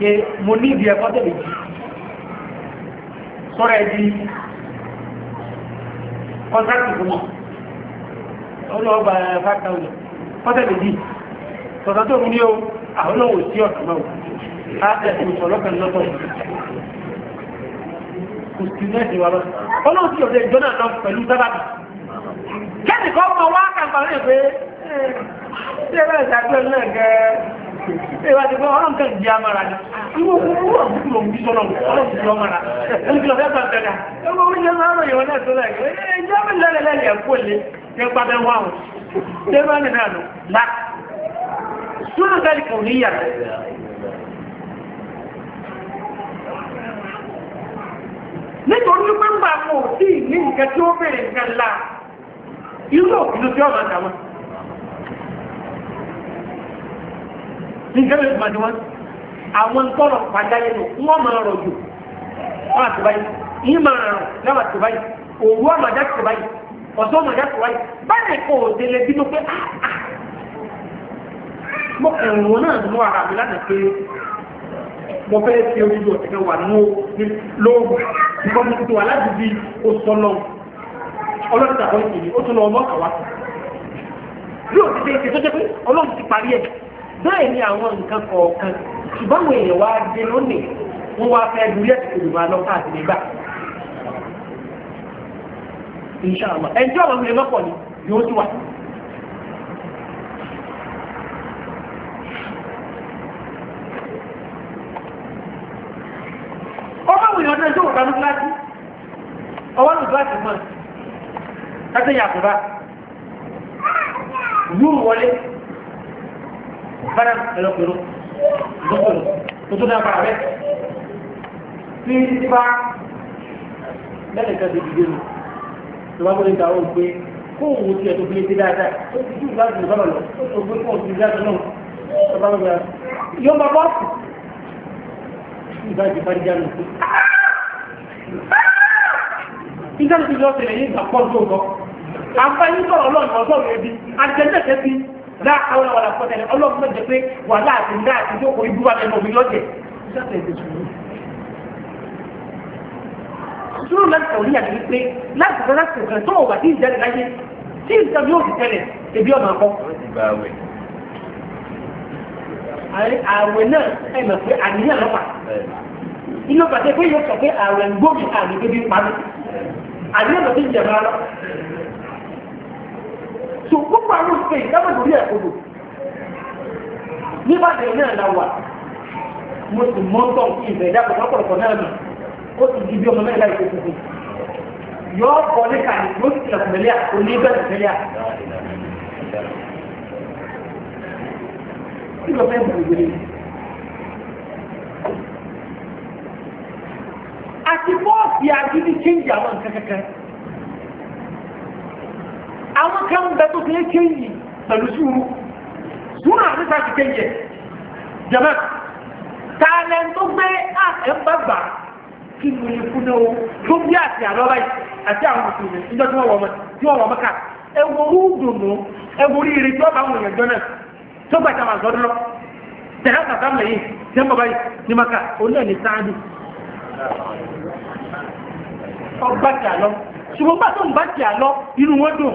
pé mo ní ìdí ẹ̀kọ́ tẹ̀lé jù sọ́rọ̀ ẹ̀dí kọ́ńtàkì fún mi olóògbà fáta ọ̀lẹ̀ kọ́tẹ̀lé jù tọ̀tọ̀ tó mú ní o àwọn olóòwò sí ọ̀tọ̀ náà láti ẹ̀sìn ìṣọ̀lọ́kàn lọ́tọ̀ kò sí mẹ́sìn wa lọ́tọ̀ ọlọ́run sí ọ̀dẹ̀ ìjọ náà lọ pẹ̀lú sábàbì kẹ́nìkan ọmọ wá kàǹkà lónìí pé ṣé ìwà ti fọ́ ọlọ́run kan jẹ́ amára ní ìwọ̀n òkú lòun bí sọ́nà ọlọ́run ti lọ́mọ́ra ẹni kí lọ fẹ́ sọ́nà tẹ́lá ẹgbẹ́ orí jẹ́ sọ́nà yìí wọ́n náà sọ́nà yìí ẹjọ́ mi lẹ́lẹ̀ lẹ́lẹ̀ ẹ̀kọ́ lé jẹ́ pàtẹ́ wà wọn jẹ́ bá nínú àná lá sọ́nà tẹ́lẹ̀ kò nítorí wípé ń bá kò sí ní nǹkan tí ó bèèrè nǹkan lá irú òkú ló fi ọ̀nà nǹkan mẹ́rin máa di wọn àwọn tọ́lọ̀ pàjáyé nù wọ́n máa rọ̀ jù wọ́n àti báyìí yìí máa rọ̀ lẹ́wọ̀ àti báyìí òwú àmàjá ti báyìí ọ̀sán àmàjá ti báyìí báyìí kò délé bínú pé ah, ah. mo ẹ̀rùn wọn náà nínú ara mi lánàá pé mo fẹ́ fi orí ju ọ̀tẹ̀kẹ́ wà nínú lóògùn nígbà mo ti wà láti di oṣù ọlọ́ ọlọ́dún àbọ̀ ìkìlì ó tún lọ ọmọ àwa bí òṣìṣẹ́ ìṣẹ́ tó jẹ́ pé ọlọ́run ti parí ẹ̀ bẹ́ẹ̀ ni àwọn nǹkan kọ̀ọ̀kan ṣùgbọ́n àwọn èèyàn wá dé lónìí wọ́n wá fẹ́ dúrí ẹ̀sìn ìlú máa ọmụrụ káàkiri gbà. ẹjọ́ àwọn ọmọ ẹlọ́pọ̀ ni yóò ti wà. ọmọ ìwé ọdún ẹjọ́ òkàlù ọwọ́ bára ẹ̀rọ pẹ̀lú ìdókòrò tó tó dáa bàrà bẹ́ẹ̀ tí tí bá lẹ́lẹ̀ kan ti dìde nù tó bá gbọ́dọ̀ ìdáwó pé kó òun ti ẹ̀tọ́ fúlé sí dáadáa ó ti dùn láti lè bábà lọ ó gbé kó òun ti dáadáa náà tó bá gbọ́dọ̀ yóò máa bọ́ sí ìbájú bá dídá nù sí. ìdáná ti lọ sílẹ̀ yìí ìgbà pọ̀ tó lọ àǹfààní sọ̀rọ̀ ọlọ́run ọ̀sọ́rọ̀ ẹbí àjẹ́jẹ́ láàárọ̀ wà lápọ̀ tẹ̀lé ọlọ́run náà jẹ pé wà láàtì náà ti jókòó ibú wa lẹ́nu omi lọ́jẹ̀ sùúrù láti tẹ̀wé níyàtọ̀ ní pé láti tẹ̀lé láti tẹ̀lé tó wà tí ìjẹ́lẹ̀ láyé tí ìjọ yóò ti tẹ̀lé ebi ọ̀nà akọ. àwẹ̀ náà ẹ̀ mọ̀ pé àníyàn lọ́pàá inú pàṣẹ pé yóò sọ pé àwẹ̀ ń gbóògì àmì bíbí pàmì àníyàn lọ́pàá ti jẹ̀ máa lọ so gbogbo àwọn òṣìṣẹ́ ìdámọ̀ lórí ẹ̀ kodò nígbàdàn náà la wà mo sì mọ́tọ̀ ìfẹ́ ìdáàbò lọ́pọ̀lọpọ̀ náà nù ó ti di bí ọmọ mẹ́rin láì tó yọ ọkọ ní kàní ló ti tilẹ̀ kùmẹ̀lẹ́à kí ló fẹ́ bẹ̀rẹ̀ gbèrè kan bẹ tó tẹ́ kéyì pẹ̀lú sùúrù sùúrù àti sáàtì kéyì ẹ̀ jẹ̀mọ́ tààlẹ̀ tó gbé àtẹ̀ bàbà kí ló lè fún náà tó bí àti àlọ́ báyìí àti àwọn mùsùlùmí ìjọ tí wọ́n wọ̀ ọmọ tí wọ́n wọ̀ ọmọ ká ẹ wo rúdùnú ẹ e wo rí ire tí wọ́n bá wọn yẹn jọ náà tó gbàtà wà sọ́dún lọ tẹ̀lé kàkà mẹ́yìn tẹ́mọ̀ báyìí ní maka òun náà ní sáájú ọgbà lọ ṣùgbọ́n bá tó ń bá tí a lọ inú wọn dùn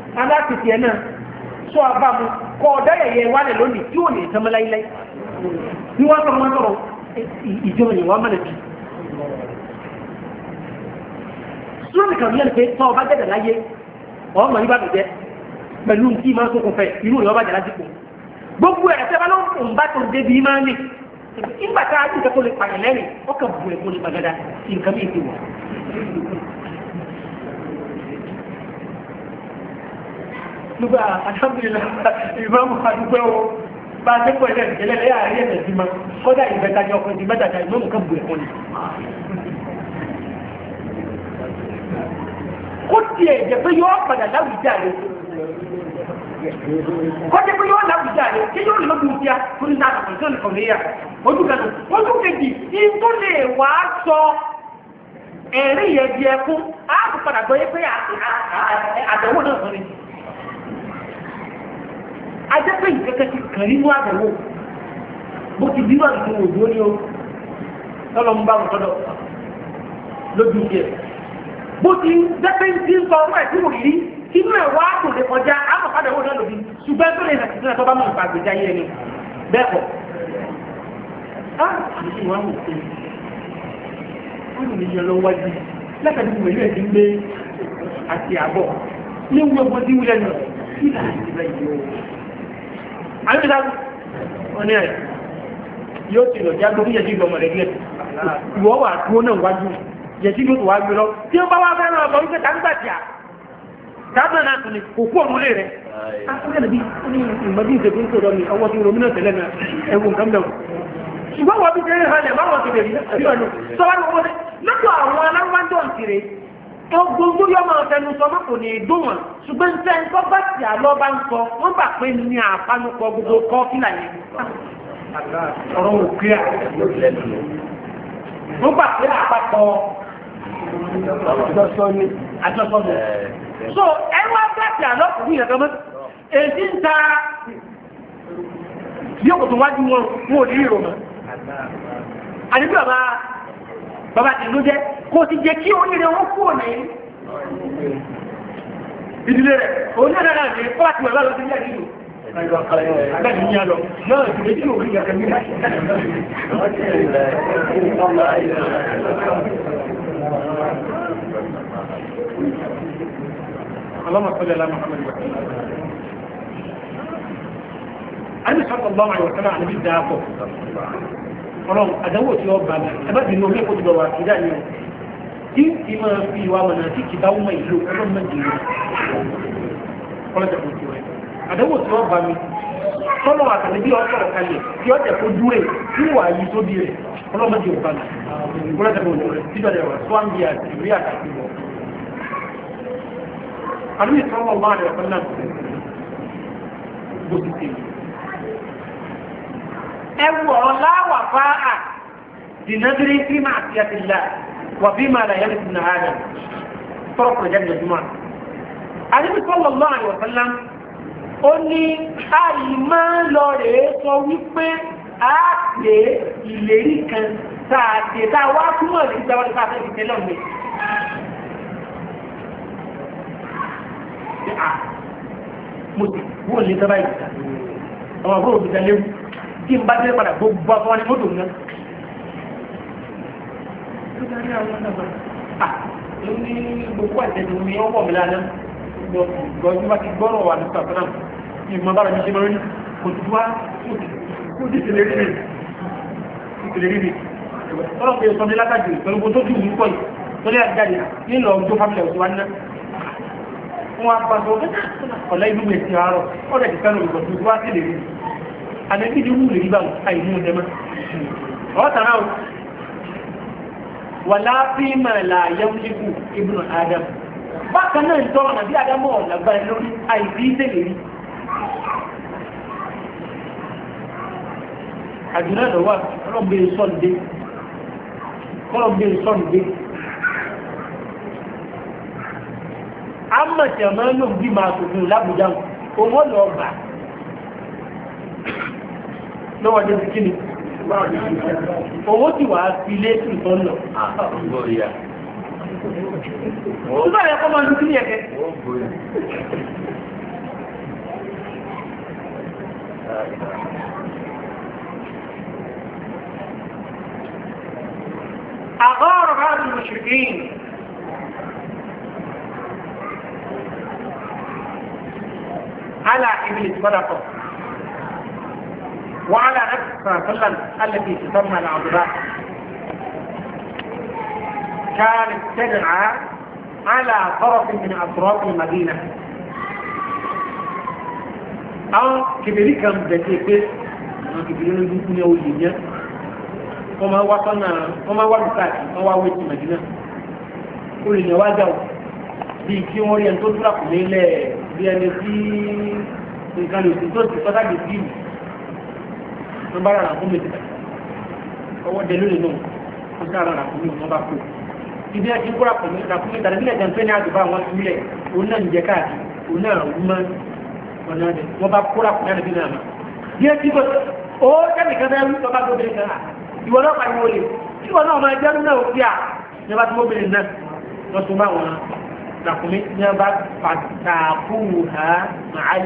aláàtìtì ẹ̀ náà sọ abámu kọ ọ̀dọ́ yẹ̀yẹ̀ wálẹ̀ lónìí tí ò ní ìtàn láíláí bí wọ́n sọ̀rọ̀ wọ́n sọ̀rọ̀ ìjọba yẹn wọ́n mọ̀lẹ̀ bí. sùúrù kan yẹn pé tọ́ ọba jẹ́dẹ̀ láyé ọmọ yìí bá mi jẹ pẹ̀lú tí máa ń sókun fẹ́ irú ìyọ́ bá jẹ́ lásìkò gbogbo ẹ̀ tẹ́ bá ló ń bá tó débi máa ń ní nígbà tá a ti kẹ́kọ̀ọ́ lè pààyàn lẹ́yìn ọkàn bù ẹ̀ nígbà alhamdulillah ìmáàmù àdúgbò o bá a ti pọ̀ ẹ̀jẹ̀ ìjẹ́lẹ̀ lẹ́yà àárí ẹ̀jẹ̀ sí ma kọ́dà ìbẹ̀tajọ ọkùnrin ti mẹ́tàjà ìmáàmù kan bù ẹ̀kọ́ ni. kó tiẹ̀ jẹ́ pé yóò padà láwùjá rẹ̀ kọ́jẹ́ pé yóò láwùjá rẹ̀ kí yóò lọ́dún ìdíyà tó ní náà àpòjọ́ nìkan léyà ojú kan ojú kejì ìtú lè wá sọ ẹ̀rí yẹn di ẹkún á kò padà gbọ́ yẹ pé àtẹ̀wò náà sọ ajẹ́pẹ́ ìkẹ́kẹ́ ti kàn nínú àdánwò bó ti bí wà nínú òdó ni ó tọ́lọ́ ń bá wọn tọ́lọ́ lójú tiẹ̀ bó ti dẹ́pẹ́ ń ti ń sọ ọmọ ẹ̀ tí mo rí inú ẹ̀ wá kò lè kọjá àmọ́ padà wò náà lòdì ṣùgbọ́n tó lè nàìjíríà sílẹ̀ tó bá mọ̀ nípa àgbèjà yẹn ni bẹ́ẹ̀ kọ́ látàdí ìwé ilé ẹ̀dín gbé àti àbọ̀ ní gbogbo tí wúlẹ̀ náà kí láàrín ìrẹ́ ìyó àríkìtà oní ẹ̀ yóò ti lọ jágbó ní yẹ̀sí ìgbọmọ̀ rẹ̀ ìwọ́ wà tó náà wájú yẹ̀sí ló tó wá gbé lọ tí ó bá wá fẹ́ lọ bọ̀ wípé tàbígbà tí a dábàá náà tún ní kò kú ọ̀run lé rẹ̀ ìmọ̀dí ìṣègùn tó rọ mi ọwọ́ tí romina tẹ̀lé mi ẹ̀wù nǹkan mẹ́wọ̀ ṣùgbọ́n wọ́n bí jẹ́ ìhàlẹ̀ máwọn ti bẹ̀rẹ̀ gbogbo yóò máa fẹnu sọ wọn kò ní í dùn wọn ṣùgbọ́n ṣe ń kọ́ bá tì á lọ́ bá ń sọ wọ́n gbà pé ní àpánupọ̀ gbogbo kọ́fílà yẹn. ọ̀rọ̀ wò kíá wọ́n gbà pé àpapọ̀ àjọsọ́ni. so ẹ wá bá tì á lọ́ kò ní ìyàgbọ́n èyí ń ta bí òkùnkùn wájú wọn wọn ò ní ìròmọ́. àdébíyàn máa bàbá tìlú jẹ́ kò sì jẹ́ kí oníire wọn kú òní ìdílé rẹ̀ òní ẹ̀rọ náà ní bàbá tìlú ẹ̀rọ lọ sí ilé ìlú Àgbẹ̀dì ní àlọ́, náà ìgbèrè tí mo rí ìyàkẹ́ mi láti اللهم صل على محمد وسلم أنا صلى الله عليه وسلم على نبينا ọlọ́run àdánwò tí ó bá mi ẹbá ti ní omi ẹ̀kọ́ ti bọ̀ wà kí dá ní ọ tí ti máa fi ìwà mọ̀nà tí kìí bá wọ́n mọ̀ ìlú ọlọ́run mẹ́jì rẹ̀ ọlọ́jọ̀kọ̀ ti rẹ̀ àdánwò tí ó bá mi tọ́lọ̀ àtàlẹ́ bí ọ sọ̀rọ̀ kalẹ̀ tí ó jẹ́ kó dúró tí wà yìí tó di rẹ̀ ọlọ́run mẹ́jì ọ̀bá mi ọlọ́jọ̀kọ̀ ti rẹ̀ tíjọ́ rẹ̀ ẹwù ọ̀rọ̀ láwà bá à dìnàbírí sí máa ti àti ìlà wà bí máa là yẹn ìsìn náà rẹ̀ tọ́rọ pẹ̀lú ẹgbẹ̀rún jùmọ̀. àdébí sọ́lọ̀ lọ́ àyọ̀sọ́lá ó ní àyè máa ń lọ rèé sọ wípé a pè ìlérí kan tààtè tá a wá túmọ̀ sí ìjọba tó fàfẹ́ ìfẹ́ lọ́nà mi. mo ti wọ́n lé sábà ìgbà ọmọ àbúrò mi ta léwu tí n bá dé padà gbogbo afọ ní mọ́tò náà. ló ah, ní gbogbo àtẹnu mi ọwọ́ mi lánàá gbọ́dọ̀ bá ti gbọ́rọ̀ wà ní sàtúnà ìmọ̀ bára mi ṣe mọ́rí kò tí wá kó ti tẹ̀lé rí mi tẹ̀lé rí mi tọ́lọ̀ pé sọmi látàjù pẹ̀lú bó tó ti wù ú pọ̀ yìí torí àjáde nílò ọjọ́ fámílẹ̀ òjò wáná wọn apàdé ọ̀lẹ́ ìlú mẹ́sìn àárọ̀ ọ̀rẹ́ ìfẹ́ lórí ìgbọ̀tún wá sí lè rí àmẹ́bí ju wúlò yíba àìmú dẹ́mọ́ ọ̀tàrà o wà láàfin mà là yẹn lékù ibùn adam bákan náà tọrọ nàbí adamu ọ̀làgbà lórí àìsí ìtẹ̀lẹ̀ rí àdúrà lọ́wọ́ ọlọ́gbé sọ́ǹdé ọlọ́gbé sọ́ǹdé àmọ̀tẹ̀mọ́ ló bí máa tòkun lábùjá òun ọ̀lọ́ ọ̀gbà lọ́wọ́ dé kí ni owó ti wà fi lé ìtọ́ lọ. Nígbà yẹn kọ́ máa ń kí ni أغار هذا المشركين على إبليس ملكه وعلى نفسه صلى الله عليه وسلم التي تسمى العذراء كانت تدعى على طرف من أطراف المدينة أو كبيري كان بتيكي أنا كبيري نجوكم يا ولينيا وما وطنا وما وطنا وما وطنا مدينة كل نواجه bí kí wọ́n rí ẹni tó dúrà kù nílẹ̀ bí ẹni tí wọ́n bá rárá fún mi ọwọ́ dẹ lónìí náà wọ́n sì rárá fún mi wọ́n bá kú ibi ẹ̀ ti kúrà fún mi rà fún mi tàbí ilẹ̀ jẹun tó ní àdúgbò àwọn ìwúlẹ̀ òun náà ń jẹ káàdì òun náà ń mọ ọ̀nà rẹ̀ wọ́n bá kúrà fún mi àdúgbò náà bí ẹ ti bọ̀ ó tẹ́lẹ̀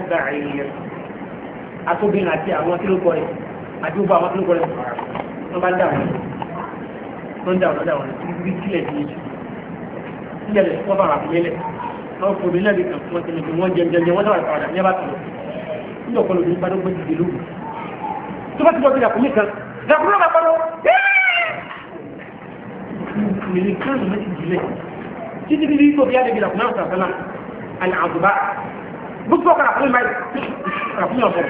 kan fẹ́ àtúbìnrin àti àwọn kílókọ̀ rẹ̀ àti gbogbo àwọn tó ń gọ́rẹ̀ wọ́n bá dà wọ́n wọ́n dà wọ́n dà wọ́n títí sílẹ̀ ní ìṣù sílẹ̀ lẹ̀ wọ́n bá rà fún ilẹ̀ wọ́n fòmí náà nìkan wọ́n ti nìkan wọ́n jẹun jẹun wọ́n náà padà ní ẹbá tó lọ ní ọ̀pọ̀ lòdì nípa tó gbé jìdì lóògùn tó bá ti bọ́ sí ìdàkùn mi kan ìdàkùn náà bá pọ́n mìíràn kan ló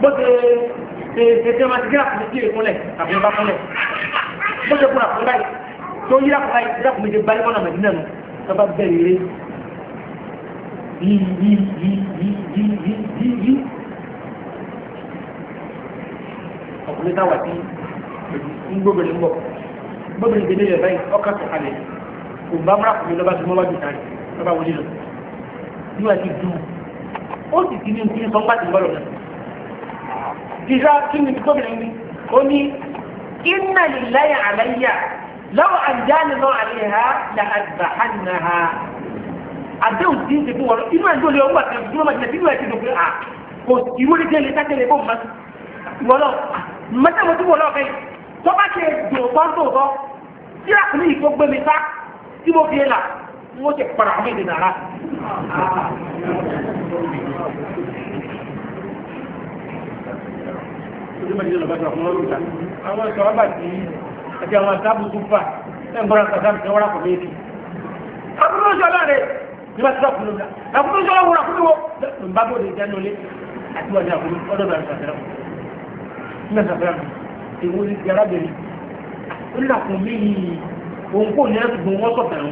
bó ṣe ṣe ṣe ṣe máa ti gíráàfù méjì rè múlẹ̀ àbí ọba múlẹ̀ bó ṣe kúrò àfúnbá yìí tó yíra fún báyìí gíráàfù méjì balẹ̀ mọ́nà mẹ́dínà nù tó bá bẹ̀rẹ̀ rẹ̀ yíyíyíyíyíyíyí ọkùnrin táwà tí ń gbóbìnrin ń bọ̀ gbóbìnrin gbèdé rẹ̀ báyìí ọkà tó kalẹ̀ kò bá múra fún mi lọ́ba ìṣá kí ni tó bẹ̀rẹ̀ ní ó ní inna lillahi alayya law àjáni lọ àríyá la àgbàhánnáha àdéhùn tí ń tẹ̀kún wọ́n inú ẹ̀dọ́ lé ọgbà tẹ̀kún tó máa jẹ́ sínú ẹ̀kí lópin à kò ìwé ní tẹ́lẹ̀ tẹ́lẹ̀ bó ma wọ́n ojú mẹ́jọ lọ́gbàtà fún wọn lóta àwọn ẹ̀sọ́ wábà tí àti àwọn àtàbù tó fà ẹ̀ mọ́ra kàtà tí wọ́n rà kọ̀ méjì àbúrúṣọ́ láàrẹ̀ ní bá ti sọ́kùn lóta àbúrúṣọ́ láwọn rà kúrò bá bó lè jẹ́nu lé àti wọ́n ní àbúrú ọdọ́ bá ṣàfẹ́ràn ní ṣàfẹ́ràn èwo ni ti arábìnrin ó làkùn mí òun kò ní ẹ̀sùn wọn sọ̀tàn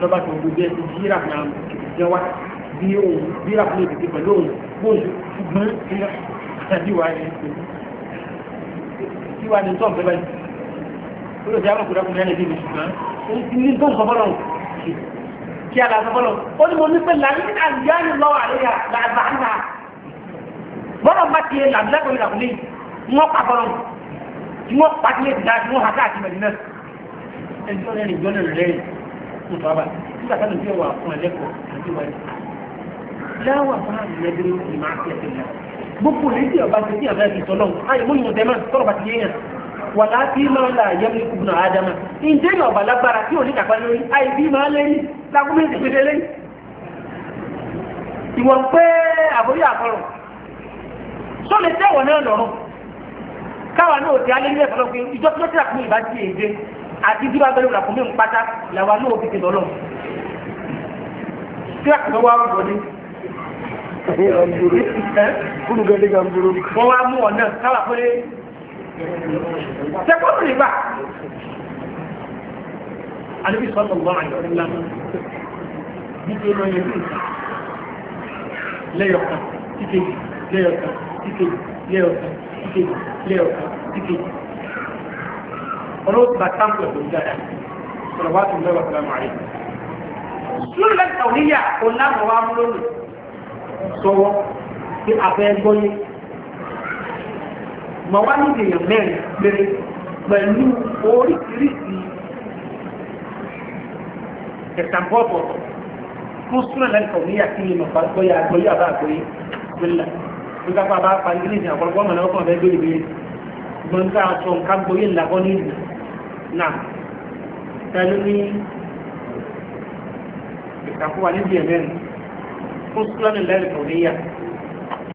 lọ́ba tó gbogbo ẹ̀ ti yíra kan jẹ́ wá bí òun bí ràkúnlé tètè pẹ̀lú òun bóun ṣùgbọ́n kí wá ní tó ọ̀gbẹ́ báyìí ó lè fi àwọn kùdàkùn lẹ́nu bí mi ṣùgbọ́n ó ti ní tó sọ́bọ́lọ́ kí a lásán bọ́lọ̀ ó ní mo ní pé làyín àlùyá ni lọ́wọ́ àléyà làbà ńlá bọ́lọ̀ bá tiẹ̀ làbílẹ̀ kò ní làkùn ní wọ́n pa bọ́lọ̀ tí wọ́n pa tiẹ̀ dá tí wọ́n hà káàkiri mẹ́rin náà ẹjọ́ rẹ̀ ní ìjọ́nà rẹ̀ ń tọ́ bá nígbà táwọn ìbí ẹ̀wà fún ẹlẹ́kọ̀ọ́ àti ìwà ẹ̀ láwọn àbá gbogbo rẹ̀ tí ọba ti tí ọba ti sọ lọ́wọ́ ayé mú ìwọ̀n tẹ́mọ̀ tọ́rọ̀ bá ti yẹn wà láti máa la yẹmu ikú náà ádámà ǹjẹ́ ní ọba lágbára tí òní kàpá lórí ayé bí máa lẹ́yìn lágúmẹ́sì pété lẹ́yìn ìwọ̀n pé àbórí àkọrọ̀ sọ́lẹ̀ tẹ́wọ̀ náà lọ́rùn káwa náà ti alẹ́ nílẹ̀ fọlọ́ pé ìjọ tí ó ti àkùnrin ìbá ti èdè àti bí bá bẹ̀rẹ̀ ìlàkùnrin pátá làwa náà fi ti lọ́lọ́ kúrú gẹ́gẹ́ gàmbúrú. wọ́n wá mú ọ̀nà sábà péré sẹ́kọ̀ọ́nù nígbà àdébí sọ́tọ̀ wọ́n àyọ̀ ńlá nígbà ló yẹ kí lẹ́yọ̀kan tíkejì lẹ́yọ̀kan tíkejì lẹ́yọ̀kan tíkejì lẹ́yọ̀kan tíkejì ọlọ́wọ́ bá táǹkì ọ̀dọ̀ dáadáa sọ̀rọ̀ wá tó lọ́wọ́ sọ́lá mọ́ àyè. lórí lẹ́tọ̀ níyà ọ̀nà sọ́wọ́ pé afẹ́ gbọ́yé mọ̀ wá ní èèyàn mẹ́rin péré pẹ̀lú oríṣiríṣi ẹ̀sàmpọ̀pọ̀ fún súnà lẹ́kọ̀ọ́ ní àti ìmọ̀ gbọ́yà gbọ́yà bá gbọ́yé gbọ́lá nígbà pa bá pa nílé ìsìn àkọ́lọ́pọ̀ ọmọ náà kàn fẹ́ gbé ìwé gbọ́nká aṣọ nǹkan gbọ́yé làkọ́ ní ìlú ko sunanin lail